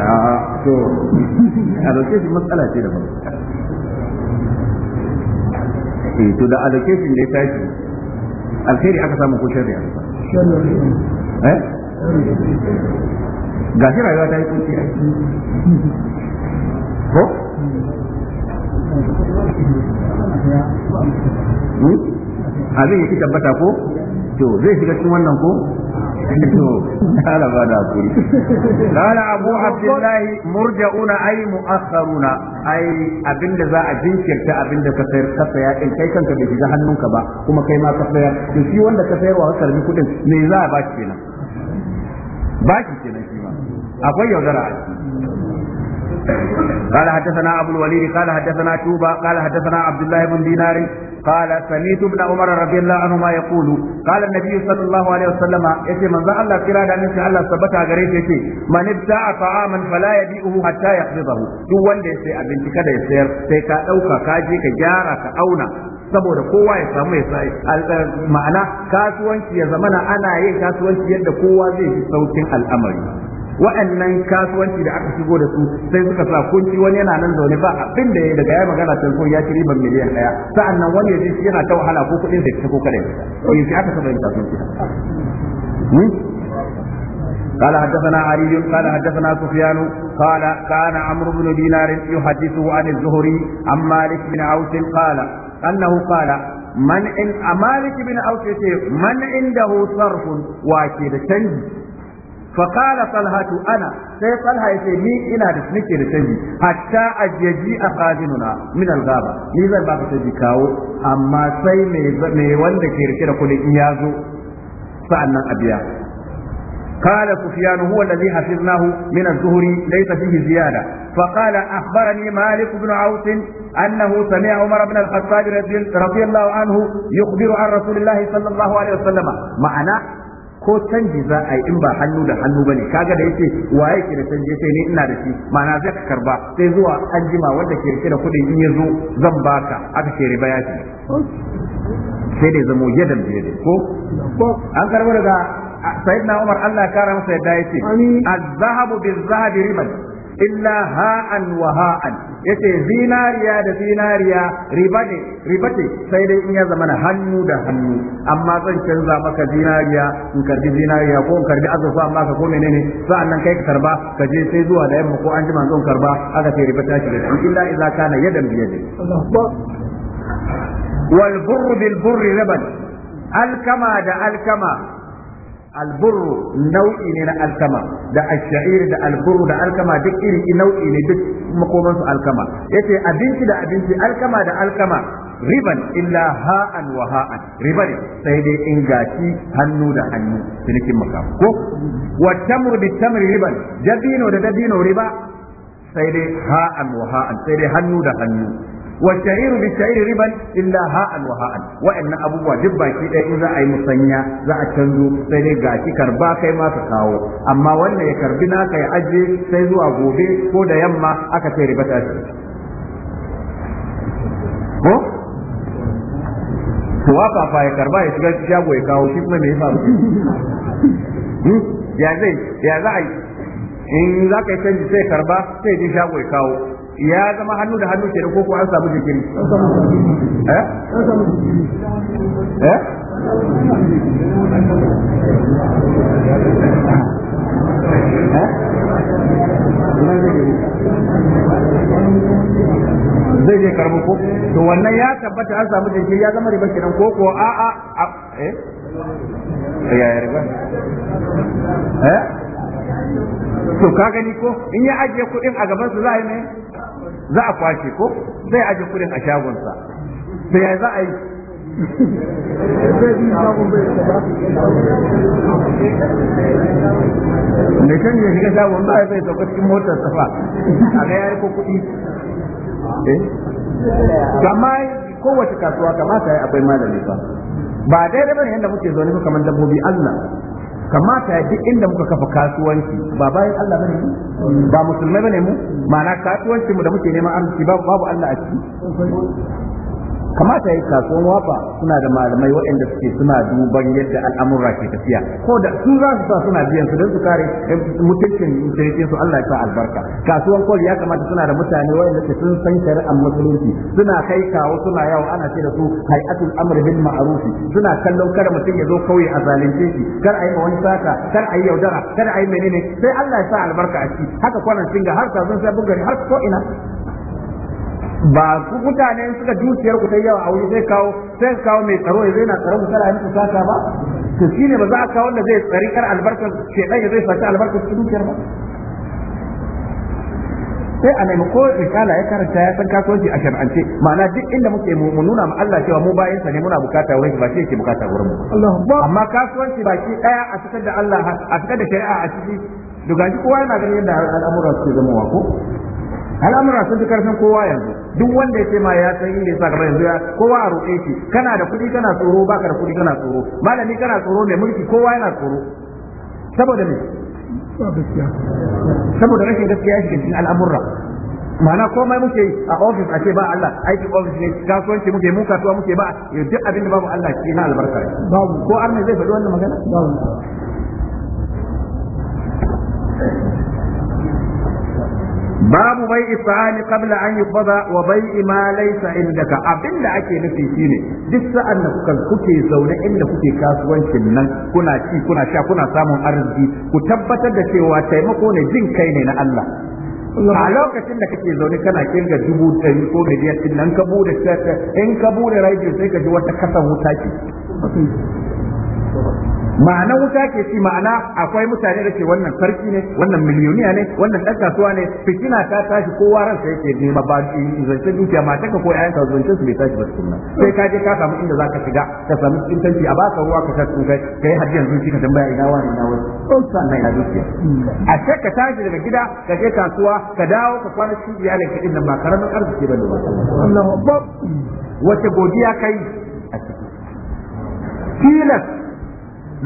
a to a dauke matsala ce da ba eh, to da allocation da ya tashi alheri aka samu ko sharri aka samu eh ga shi rayuwa ta yi kunci ko hmm? abin ya fi tabbata ko to zai shiga cikin wannan ko to kana ba da kuri kana abu abdullahi murja'una ai mu'akhkharuna ai abinda za a jinkirta abinda ka sayar ka in kai kanka bai shiga hannunka ba kuma kai ma ka saya to wanda ka sayarwa ka karbi kudin me za a baki kenan baki kenan shi ma akwai yaudara a قال حدثنا ابو الوليد قال حدثنا توبه قال حدثنا عبد الله بن دينار قال سميت ابن عمر رضي الله عنهما يقول قال النبي صلى الله عليه وسلم يتي من ذا الله كرا دا نسي الله ثبت غريت يتي من ابتاع طعاما فلا يبيعه حتى يقبضه دو وند ya sai abinci يسير سي كا دوكا كاجي dauka ka je ka saboda kowa ya samu ya sai ma'ana kasuwanci ya zamana ana yin kasuwanci yadda kowa zai yi saukin al'amari waɗannan kasuwanci da aka shigo da su sai suka sa kunci wani yana nan zaune ba abin da ya daga ya magana telefon ya ci riban miliyan ɗaya sa'annan wani ya ji shi yana ta wahala ko kuɗin zai fita ko kada ya to yake aka saba yin kasuwanci hmm? قال حدثنا علي قال حدثنا سفيان قال كان عمرو بن دينار يحدثه عن الزهري عن مالك بن عوف قال انه قال من ان مالك بن عوف من عنده صرف واكيد تنجي فقال طلحة أنا sai Talha ya ce ni ina da nake da canji hatta ajiyaji a qazinuna min al-ghaba ni zan baka canji kawo amma sai me wanda ke rike da kudi in ya zo sa'annan a biya قال سفيان هو الذي حفظناه من الزهري ليس فيه زيادة فقال أخبرني مالك بن عوف أنه سمع عمر بن الخطاب رضي الله عنه يخبر عن رسول الله صلى الله عليه وسلم معنى ko canji za a yi in ba hannu da hannu ba bane kaga da yace waye ke da canji sai ni ina da shi ma'ana zai ka karba sai zuwa anjima wanda ke rike da kuɗin in yazo zan baka aka ce riba ya ce sai dai zamo yadda da yadda ko an karbar da sayyidina Umar Allah ya kara masa yadda yace az-zahabu biz-zahabi riban illa ha'an wa ha'an yace zinariya da zinariya riba ce sai dai in ya zama na hannu da hannu amma zan canza maka zinariya in karbi zinariya ko in karbi azurfa amma ka ko menene nan kai ka karba ka je sai zuwa da yamma ko an zan karba aka ce riba ta shiga illa idza kana yadan biyadi wal burr bil burr riban alkama da alkama Alburru nau'i ne na alkama da ashairi da alburu da alkama duk iri nau'i ne duk makoman su alkama yace abinci da abinci alkama da alkama riban illa ha'an wa ha'an riban sai dai in gaci hannu da hannu cinikin ko wa tamru bi tamri riban dabino da dabino riba sai dai ha'an wa ha'an sai dai hannu da hannu والشعير بالشعير ربا إلا هاء wa وإن Wa جبا abubuwa إذا أي مسنيا za a yi musanya za a canzo sai dai gashi karba kai ma ka kawo amma wanda ya karbi naka ya aje sai zuwa gobe ko da yamma aka sai riba ta ko to waka fa ya karba ya shiga shago ya kawo shi kuma me yasa hmm? ya zai ya za in za ka yi canji sai karba sai ji shago ya kawo ya zama hannu da hannu kenan ko koko an samu jinkiri eh? eh? Eh? zai je karbu ko to wannan ya tabbata an samu jinkiri ya zama riba kenan ko ko a a eh ya riba eh to ka gani ko in ya ajiye kuɗin a gaban su za a yi ne za a kwashe ko zai aje kudin a shagonsa sai ya za a yi mai can ya shiga shagon ba zai sauka cikin motar safa a ga yayi ko kuɗi kama eh? kowace kasuwa kamata ya akwai malami fa ba daidai bane yadda muke zaune kamar dabbobi Allah kamata ya duk inda muka kafa kasuwanci ba bayan Allah bane mu ba musulmai bane mu ma'ana kasuwancin da muke neman arziki babu Allah a ciki kamata yi kasuwan wafa suna da malamai waɗanda suke suna duban yadda al'amura ke tafiya ko da su za su sa suna biyan su don su kare eh, mutuncin jirgin su Allah ya sa albarka kasuwan kol ya kamata suna da mutane waɗanda ke sun san a musulunci suna kai kawo suna yawo ana ce da su hay'atul amr bil ma'ruf suna kallon kada mutum ya zo kauye a zalunce shi kar a yi wani saka kar a yi yaudara kar a yi menene sai Allah ya sa albarka a ciki haka kwanan singa har kasuwan sa bugari har ko ina ba ku mutane suka dukiyar ku ta yawa a wuri sai kawo sai kawo mai tsaro ya zai na tsaro kada ya muku sata ba to shine ba za a kawo wanda zai tsari kar albarkar shedan ya zai saki albarkar su dukiyar ba sai a nemi ko ya karanta ya san kasuwanci a shar'ance ma'ana duk inda muke mu nuna ma Allah cewa mu bayan sa ne muna bukata wurin ba shi yake bukata wurin mu amma kasuwanci baki daya a cikin da Allah a cikin da shari'a a ciki to kowa yana ganin yadda al'amuran suke zama wa ko al'amura sun fi karfin kowa yanzu duk wanda ya ce ma ya san inda ya sa gaba yanzu ya kowa a roƙe shi kana da kuɗi kana tsoro baka da kuɗi kana tsoro malami kana tsoro mai mulki kowa yana tsoro saboda me saboda rashin gaskiya shi cikin al'amura ma'ana komai muke a ofis a ce ba Allah aiki ofis ne kasuwanci muke mu kasuwa muke ba duk abin da babu Allah ke na albarka ko ko Allah zai faɗi wannan magana babu bai isa'ani kabla an yufada wa bai ma laysa indaka abinda ake nufi shine duk sa'an da kuka kuke zaune inda kuke kasuwancin nan kuna ci kuna sha kuna samun arziki ku tabbatar da cewa taimako ne jin kai ne na Allah a lokacin da kake zaune kana kirga dubu ɗari ko miliyan ɗin nan ka bude in ka bude radio sai ka ji wata kasan wuta ce ma'ana wuta ke ci ma'ana akwai mutane da ke wannan sarki ne wannan miliyoniya ne wannan ɗan kasuwa ne fitina ta tashi kowa ransa yake ne ba zancen dukiya ma taka ko ƴaƴanka zancen su bai tashi ba tukunna sai ka je ka samu inda za ka shiga ka samu intanci a baka ruwa ka tashi kai kai hajji yanzu ka tambaya ina wani ina wani don sa na ina dukiya a ce ka tashi daga gida ka je kasuwa ka dawo ka kwana cikin iyalin ka din nan ba karamin arziki ba Allahu akbar wace godiya kai a ciki tilas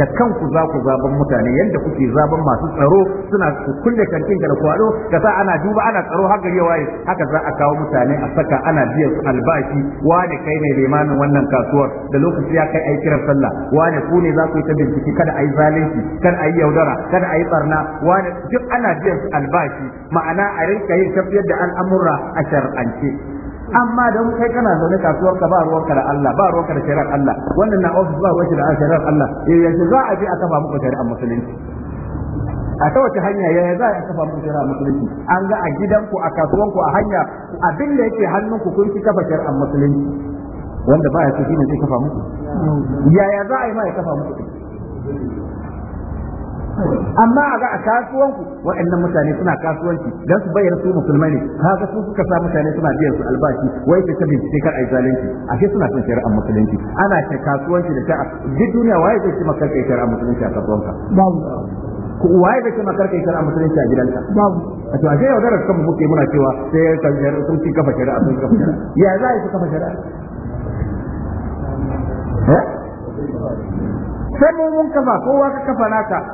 da kanku za ku zaben mutane yadda kuke zaben masu tsaro suna kulle kantin da kwado da sa ana duba ana tsaro har gari waye haka za a kawo mutane a saka ana biyan su albashi Wani kai ne limamin wannan kasuwar da lokaci ya kai ayi kiran sallah wani ku ne za ku yi ta bincike kada yi zalunci kada yi yaudara kada ayi barna wane duk ana biyan su albashi ma'ana a rinka yin tafiyar da al'amura a shar'ance amma mu kai kana zaune kasuwar ka ba ruwanka da Allah ba ruwanka da shari'ar Allah wannan na ofis ba ruwanka da shari'ar Allah eh, yanzu za a je a kafa muku shari'ar musulunci a ta wace hanya yaya za a kafa muku shari'ar musulunci an ga a gidanku a kasuwanku a hanya abin da yake hannunku kun ki kafa shari'ar musulunci wanda ba ya so shine zai kafa muku yaya za a yi ma ya kafa muku amma a ga a kasuwanku waɗannan mutane suna kasuwanci don su bayyana su musulmai ne kaga su suka sa mutane suna biyan su albashi wai ta ta bincike kar ai zalunci ashe suna son shari'ar musulunci ana ta kasuwanci da ta duk duniya waye zai ci maka kai shari'ar musulunci a kasuwanka babu waye zai ci maka kai shari'ar musulunci a gidanka babu a to ashe yaudarar kanmu muke muna cewa sai kan shari'a sun ci kafa shari'a sun kafa shari'a ya za a yi kafa shari'a eh? sai mun kafa kowa ka kafa naka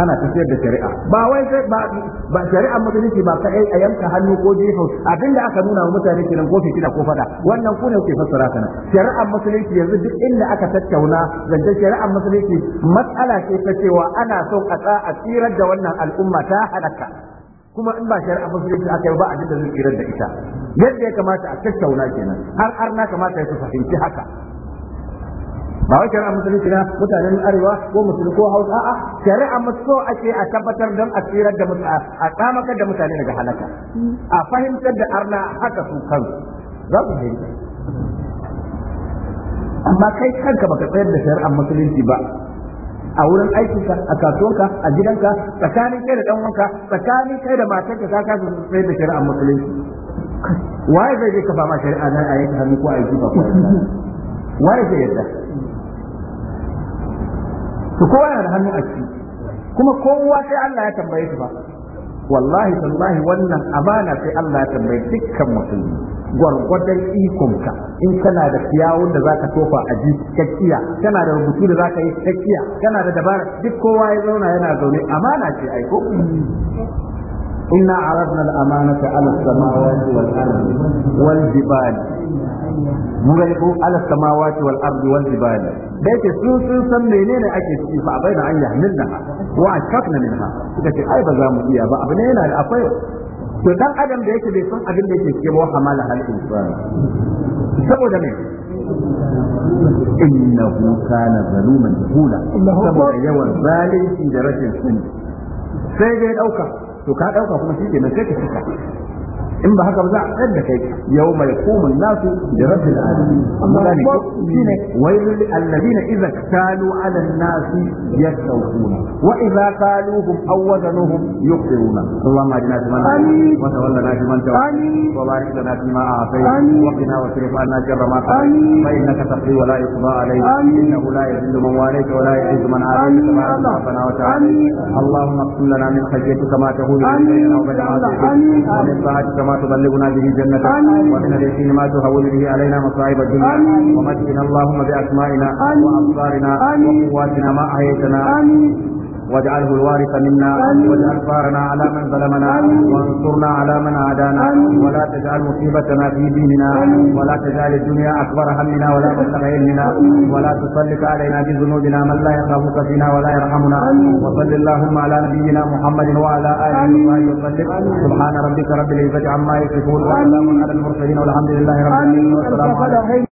ana tafiyar da shari'a ba wai ba ba shari'a musulunci ba ka a yanka hannu ko jefa abinda aka nuna wa mutane kenan ko fitina ko fada wannan ku ne kuke fassara kana shari'a musulunci yanzu duk inda aka tattauna zancen shari'a musulunci matsala ce ta cewa ana son a tsa a tsirar da wannan al'umma ta halaka kuma in ba shari'a musulunci aka yi ba a da zai tsirar da ita yadda ya kamata a tattauna kenan har arna kamata ya su fahimci haka ba wai shari'a musulunci na mutanen arewa ko musulunci ko hausa a'a shari'a so ake a tabbatar don a tsirar da a tsamakar da mutane daga halaka a fahimtar da arna haka su kan za su fahimta amma kai kanka baka tsayar da shari'ar musulunci ba a wurin aikinka a kasuwanka a gidanka tsakanin kai da ɗanwanka tsakanin kai da matarka ka kasa tsayar da shari'ar musulunci waye zai je kafa ma shari'a na a yanka hannu ko aiki ba kifa ko waye zai yadda to kowa yana da hannu a ciki kuma kowa sai Allah ya tambaye shi ba wallahi tallahi wannan amana sai Allah ya tambaye dukkan musulmi gwargwadon ikonka in kana da kiyawun da zaka tofa a ji kakkiya kana da rubutu da zaka yi kakkiya kana da dabara duk kowa ya zauna yana zaune amana ce aiko إنا عرضنا الأمانة على السماوات والأرض والجبال مغلقوا على السماوات والأرض والجبال بيت سن سن سن menene ake ciki fa bai na ko yahmilna wa ashakna minha suka ce ai ba za mu iya ba abu ne yana da akwai to dan adam da yake bai san abin da yake ciki ba hamala hal insan saboda me innahu kana zaluman jahula saboda yawan zalunci da rashin sani sai dai dauka to ka dauka kuma shi kenan sai ka cika in ba haka ba za a tsayar da kai yau mai kumun nasu da rabbil alamin Allah ne shine wailul lil alladina idza kalu ala nasi yastawfuna wa idza qaluhum aw wazanuhum yuqsiruna Allahumma ajina man wa tawallana man tawalla wa barik lana fima a'tayta wa qina wa sirif anna sharra ma qadayta fa innaka taqdi wa la yuqda alayka innahu la yadhillu man walayta wa la yu'izzu man adayta tabaraka rabbana wa ta'ala Allahumma qul lana min khayyatika ma tahulu bihi wa min ta'atika ma ما تبلغنا به جنتك ومن اليقين ما تهون به علينا مصائب الدنيا ومجدنا اللهم بأسمائنا وأبصارنا وقواتنا ما أحييتنا واجعله الوارث منا واجعل فارنا على من ظلمنا وانصرنا على من عادانا ولا تجعل مصيبتنا في ديننا ولا تجعل الدنيا أكبر همنا ولا مبلغ علمنا ولا تسلط علينا بذنوبنا من لا يخافك فينا ولا يرحمنا وصل اللهم على نبينا محمد وعلى آله وصحبه وسلم سبحان ربك رب العزة عما يصفون وسلام على المرسلين والحمد لله رب العالمين والسلام عليكم